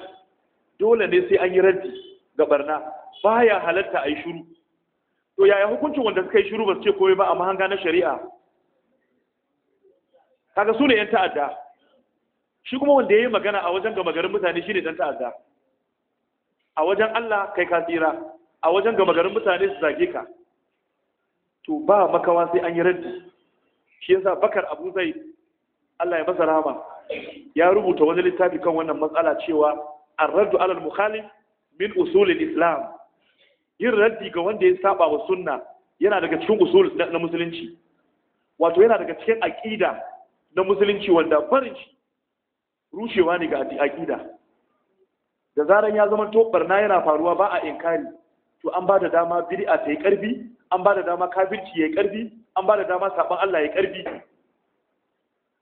dole ne sai an yi raddi ga barna baya halatta yi shiru to yaya hukuncin wanda suka yi shiru ba su ce koyi ba a mahanga na shari'a kaga su ne yan ta'adda shi kuma wanda ya yi magana a wajen gama garin mutane shi ne ɗan ta'adda a wajen Allah kai ka tsira a wajen gama garin mutane su zage ka to ba makawa sai an yi raddi shi yasa bakar abu zai Allah ya masa rahama ya rubuta wani littafi kan wannan matsala cewa ar-raddu alal mukhalif min usulin islam yin raddi ga wanda ya saba wa sunna yana daga cikin usul na musulunci wato yana daga cikin aqida na musulunci wanda farin shi rushewa ne ga aƙida da zaran ya zama to barna yana faruwa ba a inkari to an ba da dama bid'a ta yi karfi an ba da dama kafirci ya yi karfi an ba da dama saban Allah ya yi karfi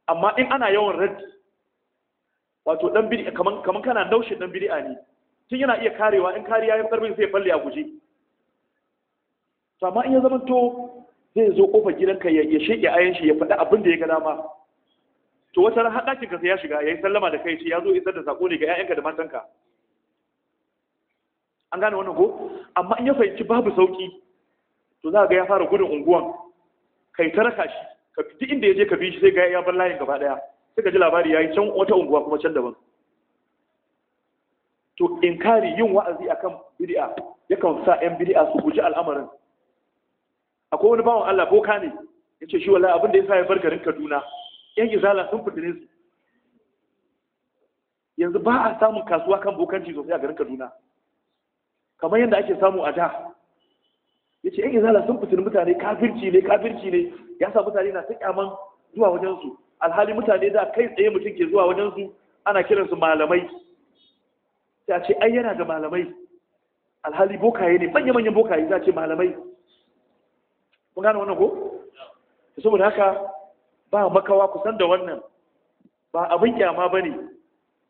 amma in ana yawan raddi wato dan bid'a kaman kaman kana naushe dan bid'a ne tun yana iya karewa in kariya ya karbi sai falle a guje to amma in ya zama to zai zo kofar gidanka ya sheke ayan shi ya faɗi abin da ya ga dama to wata ran har ɗakin ka ya shiga yayi sallama da kai shi, ya zo isar da sako ne ga ƴaƴanka da matanka an gane wannan ko amma in ya fahimci babu sauki to za ga ya fara gudun unguwan kai ta raka shi ka duk inda ya je ka bi shi sai ga ya bar layin gaba daya sai ka ji labari yayi can wata unguwa kuma can daban to inkari yin wa'azi akan bid'a yakan sa ƴan bid'a su guji al'amarin akwai wani bawan Allah boka ne yace shi wallahi abin da yasa ya bar garin Kaduna yan izala sun fitine su yanzu ba a samun kasuwa kan bokanci sosai a garin kaduna kamar yadda ake samu a da ya ce yan izala sun fitini mutane kafirci ne kafirci ne ya sa mutane na ta kyaman zuwa wajensu alhali mutane da kai tsaye mutum ke zuwa wajensu ana kiransu malamai Ta ce ai yana da malamai alhali bokaye ne manya-manyan bokaye za ce malamai kun gane wannan ko? saboda haka ba makawa kusan da wannan ba abin kyama ba ne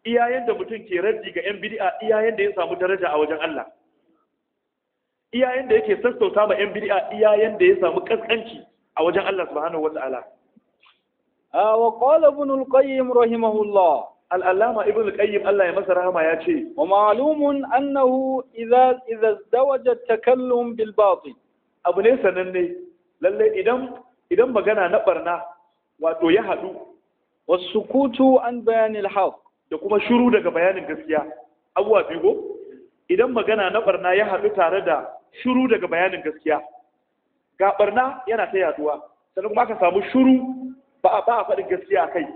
iyayen da mutum ke raddi ga 'yan bid'a iyayen da ya samu daraja a wajen Allah iyayen da yake sassauta ma 'yan bid'a iyayen da ya samu kaskanci a wajen Allah subhanahu wata'ala ah, wa qala ibn al-qayyim rahimahullah al-allama ibn al-qayyim Allah ya masa rahama ya ce wa ma'lumun annahu idza idza zawaja takallum bil batil abu ne sananne lalle idan idan magana na barna wato ya haɗu wasu kutu an bayanin haq da kuma shiru daga bayanin gaskiya abuwa biyu idan magana na barna ya haɗu tare da shiru daga bayanin gaskiya ga barna yana ta yaduwa sannan kuma aka samu shiru ba a ba a faɗin gaskiya kai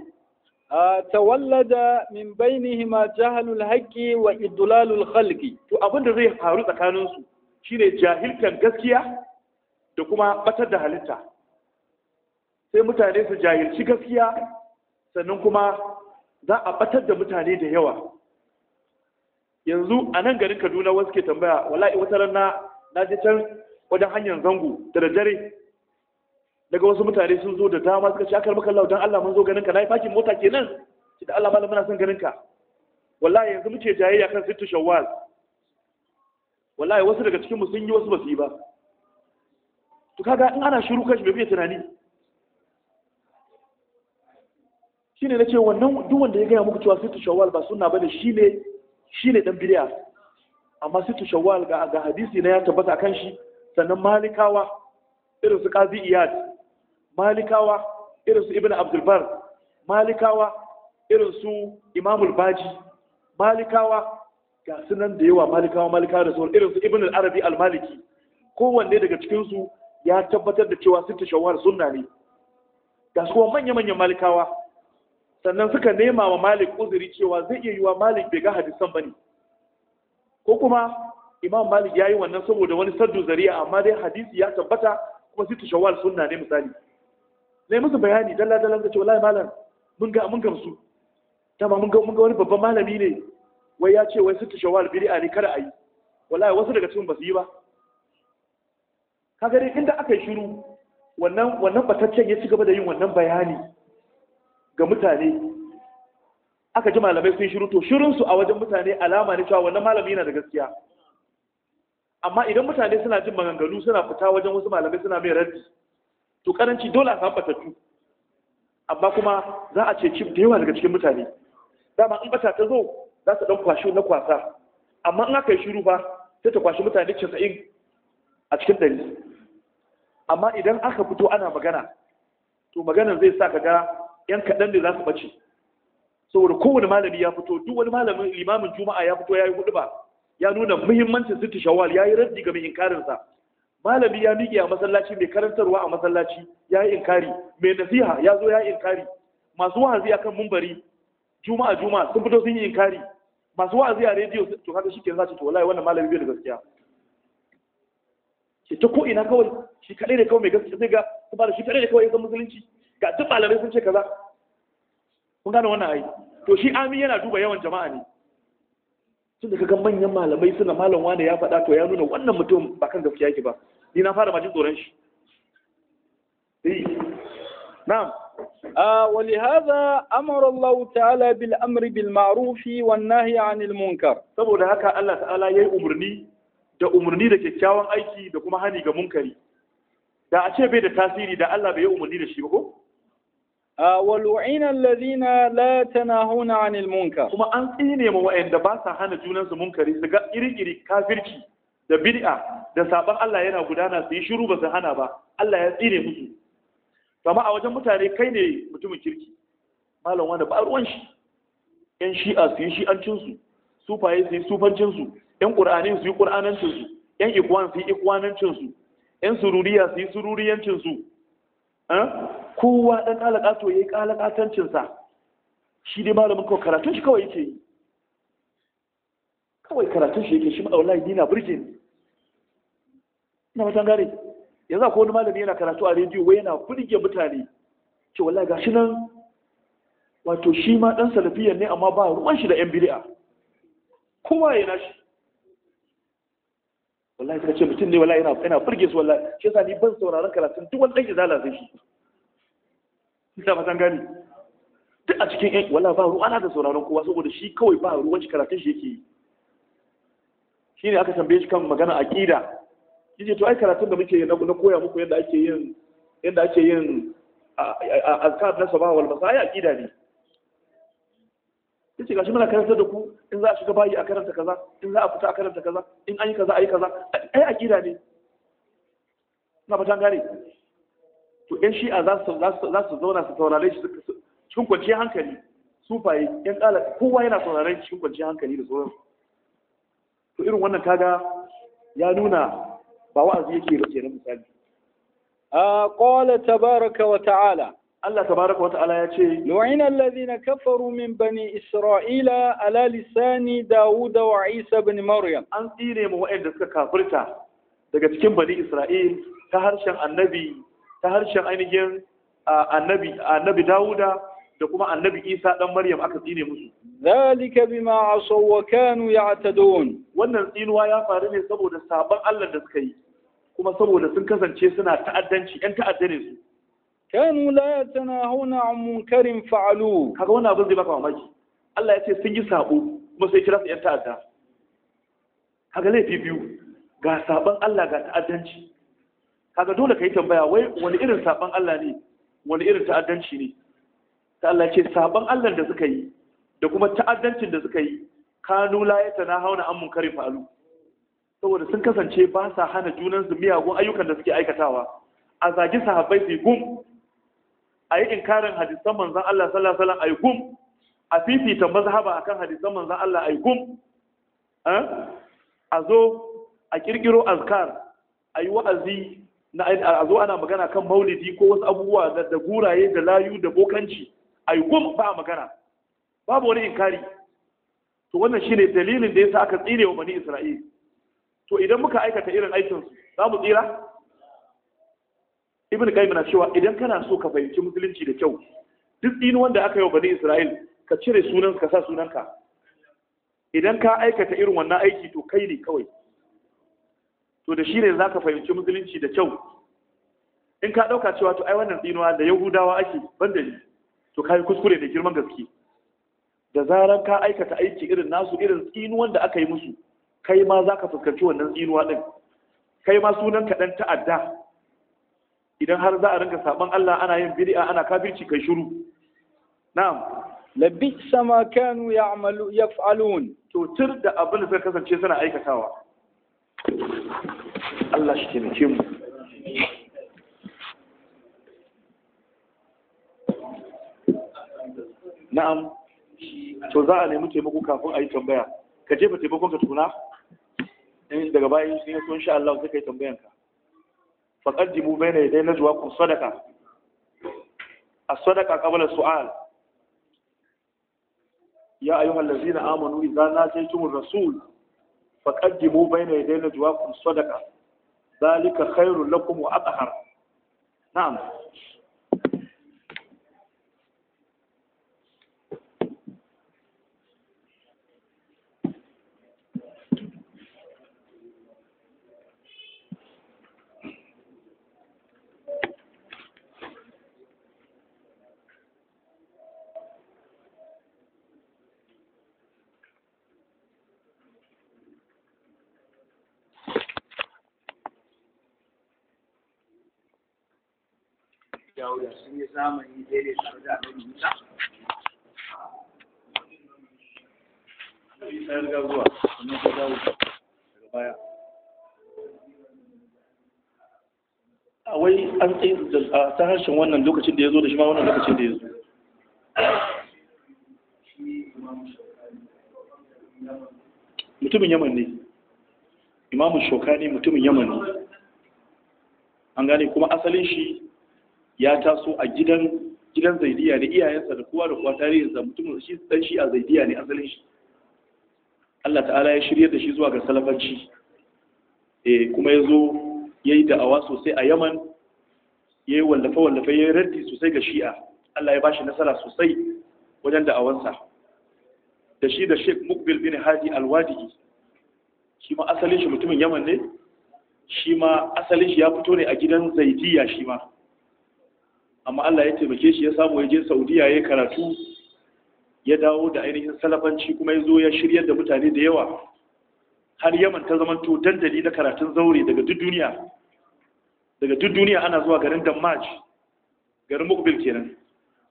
tawallada min bainihima jahalul haqqi wa idlalul khalqi to abin da zai faru tsakaninsu shine jahilkan gaskiya da kuma batar da halitta sai mutane su jahilci gaskiya sannan kuma za a batar da mutane da yawa yanzu a nan garin kaduna wasu ke tambaya wallahi wata rana na ji can wajen hanyar zango da dare. daga wasu mutane sun zo da dama suka shakar maka Allah don Allah mun zo ganin ka na yi fakin mota kenan shi da Allah malam muna son ganin ka wallahi yanzu muke jayayya kan sittu shawwal wallahi wasu daga cikin mu sun yi wasu basu yi ba to kaga in ana shiru kashi bai tunani na ce wannan duk wanda ya gaya muku cewa sittu shawal ba sunna bane shi ne ɗan bid'a amma sittu shawal ga ga hadisi na ya tabbata kan shi sannan malikawa irin su qazi iyad malikawa irin su ibnu abdul bar malikawa irin su imamul baji malikawa ga sunan da yawa malikawa malikawa da sauran irin su ibn al-arabi al-maliki kowanne daga cikin su ya tabbatar da cewa sittu shawwal sunna ne ga su kuma manya-manyan malikawa sannan suka nema wa malik uzuri cewa zai iya yi wa malik bai ga hadisan ne, ko kuma imam malik ya yi wannan saboda wani saddu zari'a amma dai hadisi ya tabbata kuma sai shawar sunna ne misali yi musu bayani dalla dalla ga cewa wallahi malam mun ga mun gamsu dama mun ga mun ga wani babban malami ne wai ya ce wai ta shawwal bid'a ne kada ayi wallahi wasu daga cikin basu yi ba kaga dai inda aka yi shiru wannan wannan bataccen ya ci gaba da yin wannan bayani ga mutane aka ji malamai sun shiru to shirinsu a wajen mutane alama ne cewa wannan malami yana da gaskiya amma idan mutane suna jin maganganu suna fita wajen wasu malamai suna mai raddi to karanci dole a samu batattu amma kuma za a ce cif da yawa daga cikin mutane dama in bata ta zo za su dan kwashi na kwasa amma in aka yi shiru ba sai ta kwashi mutane 90 a cikin dari amma idan aka fito ana magana to maganar zai sa ka ga yan kaɗan ne za su ɓace saboda kowane malami ya fito duk wani malamin limamin juma'a ya fito ya yi hudu ba ya nuna muhimmancin sitti shawwal ya yi raddi game inkarinsa malami ya miƙe a masallaci mai karantarwa a masallaci ya yi inkari mai nasiha ya zo ya yi inkari masu wa'azi a kan mumbari juma'a juma'a sun fito sun yi inkari masu wa'azi a rediyo to kaga shi ke za su to wallahi wannan malami bai da gaskiya shi ta ko ina kawai shi kadai ne kawai mai gaskiya sai ga su ba da shi kadai ne kawai ya san musulunci ga duk malamai sun ce kaza kun gane wannan ai to shi amin yana duba yawan jama'a ne tun da kaga manyan malamai suna malam wanda ya faɗa to ya nuna wannan mutum ba kan gaskiya yake ba ni na fara majin tsoron shi eh. na'am Ta'ala Bil Amri bil بالأمر بالمعروف والنهي عن المنكر saboda haka Allah ta'ala yayi umurni da umurni da kyakkyawan aiki da kuma hani ga munkari da a ce bai da tasiri da Allah bai yi umurni da shi ba ko walu'ina الذين لا tanahuna عن المنكر kuma an tsine ma وين ba sa hana junansu munkari منكري ga iri-iri kafirci da bid'a da سابن Allah yana gudana su yi shiru ba su hana ba Allah ya tsine musu amma a wajen mutane kai ne mutumin kirki malam wanda ba ruwan shi yan shi'a su yi shi'ancin su sufaye su yi sufancin su yan qur'ani su yi qur'anancin su yan ikwan su yi ikwanancin su yan sururiya su yi sururiyancin su kowa ɗan ƙalaƙato ya yi ƙalaƙatancinsa shi dai malamin kawai karatun shi kawai yake yi kawai karatun shi yake shi ma'aulai dina birgin ina matan gare ya za ko wani malami yana karatu a rediyo wai yana birge mutane ce wallahi gashi nan wato shi ma ɗan salafiyar ne amma ba ruwan shi da yan bid'a kowa ya shi wallahi suka ce mutum ne wallahi yana burge su wallahi shi yasa ni ban sauraron karatun duk wani ɗan izala sai shi ina fatan gani duk a cikin yan wallahi ba ruwana da sauraron kowa saboda shi kawai ba ruwan shi karatun shi yake yi Shi ne aka tambaye shi kan magana aqida yace to ai karatun da muke yi na koya muku yadda ake yin yadda ake yin azkar na sabah wal masa ai aqida ne yace gashi muna karanta da ku in za a shiga bayi a karanta kaza in za a fita a karanta kaza in an yi kaza a yi kaza ai akida ne na fatan gane to yan shi'a za su za su zauna su saurare shi cikin kwanciyar hankali faye yan kala kowa yana saurare shi cikin kwanciyar hankali da sauran to irin wannan kaga ya nuna ba wa'azi yake ba kenan misali قال تبارك وتعالى Allah tabaraka wa ta'ala ya ce lu'ina alladhina kafaru min bani isra'ila ala lisani dawuda wa isa bin maryam an tsire mu wa'anda suka kafirta daga cikin bani isra'il ta harshen annabi ta harshen ainihin annabi annabi dawuda da kuma annabi isa dan maryam aka tsine musu zalika bima asaw wa kanu ya'tadun wannan tsinuwa ya faru ne saboda sabon Allah da suka yi kuma saboda sun kasance suna ta'addanci yan ta'addane su kanu la hauna an munkarin fa'alu kaga wannan abin zai baka maki. Allah ya ce sun yi sabo kuma sai kira su yan ta'adda kaga laifi biyu ga sabon Allah ga ta'addanci kaga dole ka yi tambaya wai wani irin sabon Allah ne wani irin ta'addanci ne ta Allah ce sabon Allah da suka yi da kuma ta'addancin da suka yi kanu la yatanahuna an munkarin fa'alu saboda sun kasance ba sa hana junansu miyagun ayyukan da suke aikatawa a zagi sahabbai su yi gum a yi inkarin hadisan manzan Allah sallallahu alaihi a yi gum a fifita mazhaba akan hadisan manzan Allah a yi gum eh? a zo a kirkiro azkar a yi wa'azi na a zo ana magana kan maulidi ko wasu abubuwa da guraye da layu da bokanci a yi gum ba magana babu wani inkari to wannan shine dalilin da ya sa aka tsire wa bani isra'ila to idan muka aikata irin aikinsu za mu tsira ibn kayyim na cewa idan kana so ka fahimci musulunci da kyau duk dini wanda aka yi wa bani isra'il ka cire sunan ka sa sunanka idan ka aikata irin wannan aiki to kai ne kawai to da shi ne za ka fahimci musulunci da kyau in ka ɗauka cewa to ai wannan tsinuwa da yahudawa ake ban da ni to ka yi kuskure da girman gaske da zaran ka aikata aiki irin nasu irin tsinuwan da aka yi musu kai ma za ka fuskanci wannan tsinuwa ɗin kai ma sunan ka ɗan ta'adda idan har za a rinka saban Allah ana yin bid'a ana kafirci kai shiru na'am labbi sama kanu ya'malu yaf'alun to tur da abin da suka kasance suna aikatawa Allah shi taimake mu na'am to za a nemi taimako kafin a yi tambaya ka jefa taimakon ka tuna daga bayan sun yi sun sha Allah sai kai tambayanka bai faqaddimu bayna yaday najwaakum sadaka. A sadaka qabla su'al ya na ayyuhal ladzina amanu idza nataytumur rasul na bayna yaday najwaakum sadaqa dhalika khairul lakum wa athhar na'am Dawuda sun yi zamani daidai tare da zuwa ta dawo daga baya a wai an tsaye ta harshen wannan lokacin da ya zo da shi ma wannan lokacin da ya zo mutumin yaman ne imamu shokani mutumin yaman ne an gane kuma asalin shi ya taso a gidan gidan zaidiya ne iyayensa da kowa da kowa tarihinsa mutumin shi dan shi a zaidiya ne asalin shi Allah ta'ala ya shirya da shi zuwa ga salafanci eh kuma ya zo ya yi da'awa sosai a yaman ya yi wallafe-wallafe ya yi raddi sosai ga shi'a Allah ya bashi nasara sosai wajen da'awansa da shi da Sheikh mukbil bin hadi Al-Wadi shi ma asalin shi mutumin yaman ne shi ma asalin shi ya fito ne a gidan zaidiya shi ma amma Allah ya taimake shi ya samu ya je Saudiya ya karatu ya dawo da ainihin salafanci kuma ya zo ya shiryar da mutane da yawa har Yaman ta zama to dandali na karatun zaure daga duk duniya daga duk duniya ana zuwa garin Damaj garin Mukbil kenan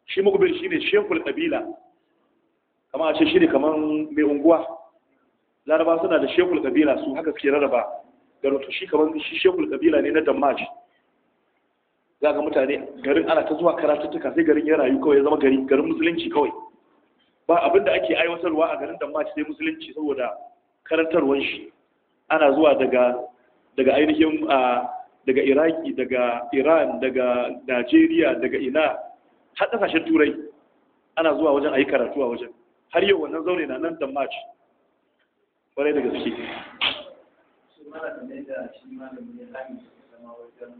shi Mukbil shine shekul kabila kamar a ce shi ne kamar mai unguwa laraba suna da shekul kabila su haka suke rarraba garin to shi kamar shi shekul kabila ne na Damaj za ga mutane garin ana ta zuwa karatuttuka sai garin ya rayu kawai ya zama gari garin musulunci kawai ba abin da ake aiwatarwa a garin dammaci sai musulunci saboda karantarwar shi ana zuwa daga daga ainihin daga iraki daga iran daga najeriya daga ina har kasashen turai ana zuwa wajen a yi karatu a wajen har yau wannan zaune na nan dammaci kwarai da gaske shi malamin malamin ya wajen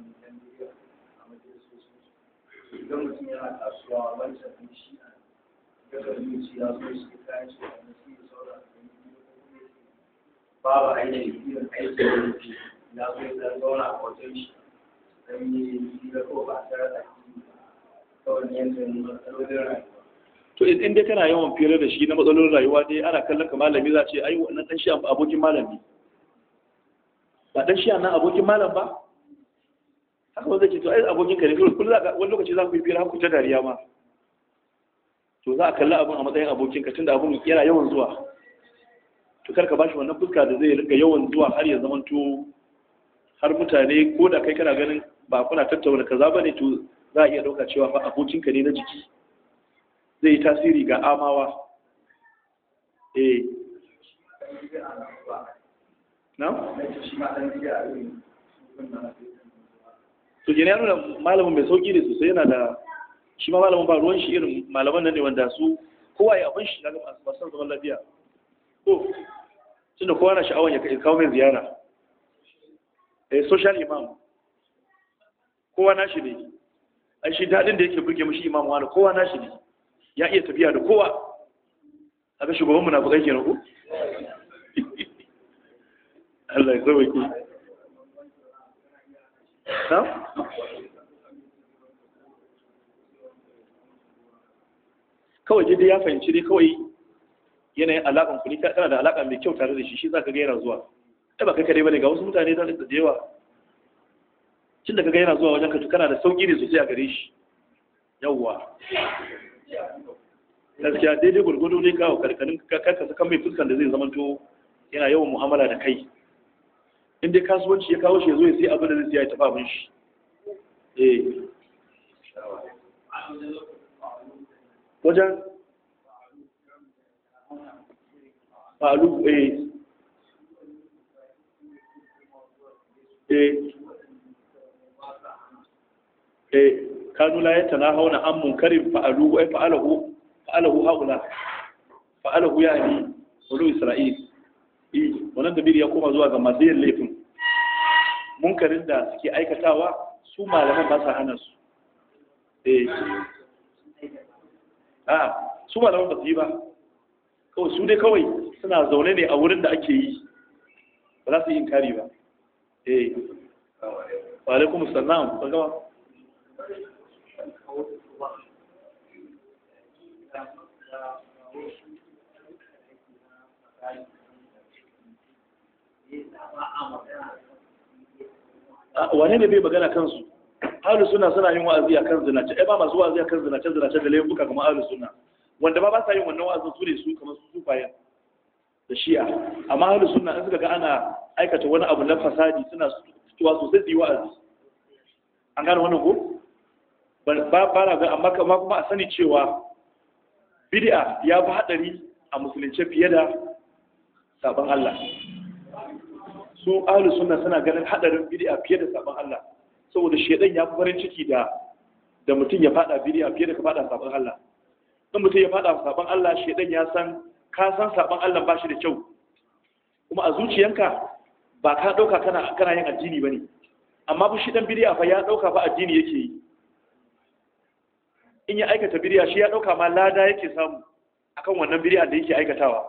idan mutum yana kasuwa wancan ɗin shi a gasar zuci ya zo shi kayan shi a nasu da sauran babu aiki irin aiki da yake ya zo ya zauna a wajen shi don yi hira ko ba tare da kawai yanzu matsalolin rayuwa to in dai kana yawan fira da shi na matsalolin rayuwa dai ana kallon ka malami za ce ai wannan dan shi abokin malami ba dan shi nan abokin malam ba haka wanda ke to ai abokin ka ne kullum za lokaci za ku yi fira ku ta dariya ma to za a kalli abin a matsayin abokin ka tunda abin yana yawan zuwa to kar ka bashi wannan fuska da zai rinka yawan zuwa har ya zama to har mutane ko da kai kana ganin ba kuna tattauna kaza bane to za a iya dauka cewa fa abokin ka ne na jiki zai yi tasiri ga amawa eh na? to ke ya nuna malamin mai sauki ne sosai yana da shi ma malamin ba ruwan shi irin malaman nan ne wanda su kowa ya abin shi daga masu masu zaman lafiya to tunda kowa na sha'awar ya kawo mai ziyara a eh, social imam kowa na shi ne ai shi daɗin da yake burge mashi imam wani kowa na shi ne ya iya tafiya da kowa ga shugaban mu na bukai kenan ko Allah ya tsawaye Sam? kawai jiddi ya fahimci dai kawai yanayin alaƙan ku tana da alaƙa mai kyau tare da shi shi za ka ga yana zuwa Ta ba kai kare bane ga wasu mutane za su jewa cin da ka ga yana zuwa wajen ka kana da sauƙi ne sosai a gare shi yawwa gaskiya daidai gurgudu ne kawo karkanin karkasa kan mai fuskan da zai zama to yana yawan mu'amala da kai in dai kasuwanci ya kawo shi ya zo ya sai abin da zai siya ya tafi abin shi eh wajen falu eh eh eh kanu la yatanahawna an munkarin karin ay fa'alahu fa'alahu haula fa'alahu yani bulu isra'il eh wannan dabiri ya koma zuwa ga masu yin laifin munkarin da suke aikatawa su malaman ba sa hana su eh ah su malaman ba su yi ba kawai su dai kawai suna zaune ne a wurin da ake yi ba za su yi inkari ba eh wa alaikum assalam ba gaba Thank you. wane ne bai magana kansu ahlus sunna suna yin wa'azi akan zinace eh ba masu wa'azi akan zinace zinace da laifuka kamar ahlus sunna wanda ba ba sa yin wannan wa'azin su ne su kamar su sufayen da shi'a amma ahlus sunna in suka ga ana aikata wani abu na fasadi suna fitowa sosai su yi wa'azi an gane wannan ko ba ba na ga amma kuma a sani cewa bid'a ya fi hadari a musulunce fiye da sabon Allah su ahlu sunna suna ganin hadarin bid'a fiye da sabon Allah saboda shedan ya fi farin ciki da da mutum ya fada bid'a fiye da ka fada sabon Allah in mutum ya fada sabon Allah shedan ya san ka san sabon Allah ba shi da kyau kuma a zuciyanka ba ka dauka kana kana yin addini bane amma bu shi dan bid'a fa ya dauka fa addini yake yi in ya aikata bid'a shi ya dauka ma lada yake samu akan wannan bid'a da yake aikatawa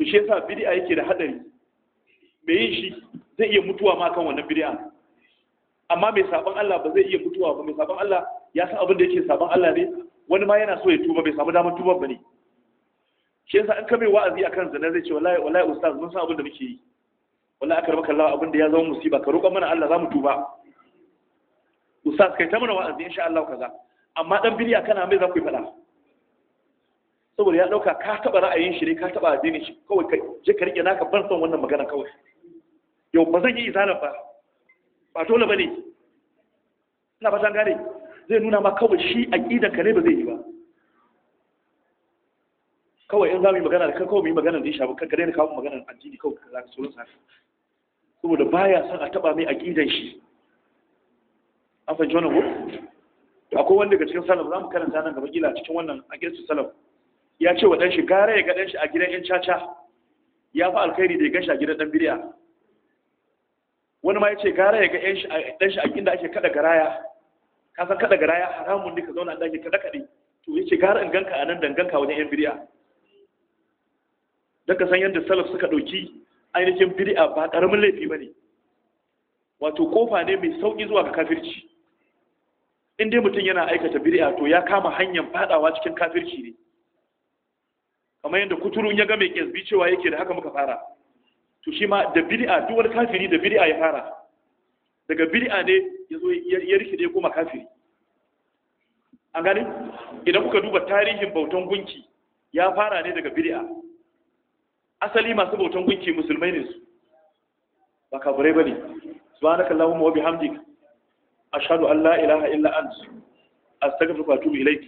to shi yasa bid'a yake da hadari mai yin shi zai iya mutuwa ma kan wannan bid'a amma mai sabon Allah ba zai iya mutuwa ba mai sabon Allah ya san abin da yake sabon Allah ne wani ma yana so ya tuba bai samu damar tuba ba ne shi yasa an kame wa'azi akan zina zai ce wallahi wallahi ustaz mun san abin da muke yi wallahi aka maka Allah abin da ya zama musiba ka roƙa mana Allah za mu tuba ustaz kai ta mana wa'azi insha Allah kaza amma dan bid'a kana mai za ku faɗa? saboda ya ɗauka ka taɓa ra'ayin shi ne ka taba addinin shi kawai ka je ka rike naka ban son wannan magana kawai yau ba zan yi izalar ba ba dole ba ne ina ba gane zai nuna ma kawai shi aƙidan ka ne ba zai yi ba kawai in za mu yi magana da kawai mu yi magana da ya shafi kan kare ka kawo magana addini kawai ka zaka ka sauran sa saboda baya son a taba mai aƙidan shi an fahimci wannan ko akwai wanda daga cikin salaf za mu karanta nan gaba kila cikin wannan a gidan salaf ya ce wa ɗan shi gare ya ga ɗan shi a gidan 'yan caca ya fa alkhairi da ya gashi a gidan ɗan biriya wani ma ya ce gara ya ga ɗan shi a inda ake kada garaya ka san kada garaya haramun ne ka zauna a ake kada kaɗe to ya ce gara in ganka a nan danganka wajen yan biriya don ka san yadda salaf suka ɗauki ainihin biri'a ba ƙaramin laifi ba ne wato kofa ne mai sauƙi zuwa ga kafirci in dai mutum yana aikata biri'a to ya kama hanyar faɗawa cikin kafirci ne kamar yadda kuturun ya ga mai ƙyasbi cewa yake da haka muka fara to shi ma da bid'a duk wani kafiri da bid'a ya fara daga bid'a ne yazo ya rike da koma kafiri an gani idan kuka duba tarihin bautan gunki ya fara ne daga bid'a asali masu bautan gunki musulmai ne su ba kafirai bane subhanakallahu wa bihamdika ashhadu an la ilaha illa anta astaghfiruka wa atubu ilayk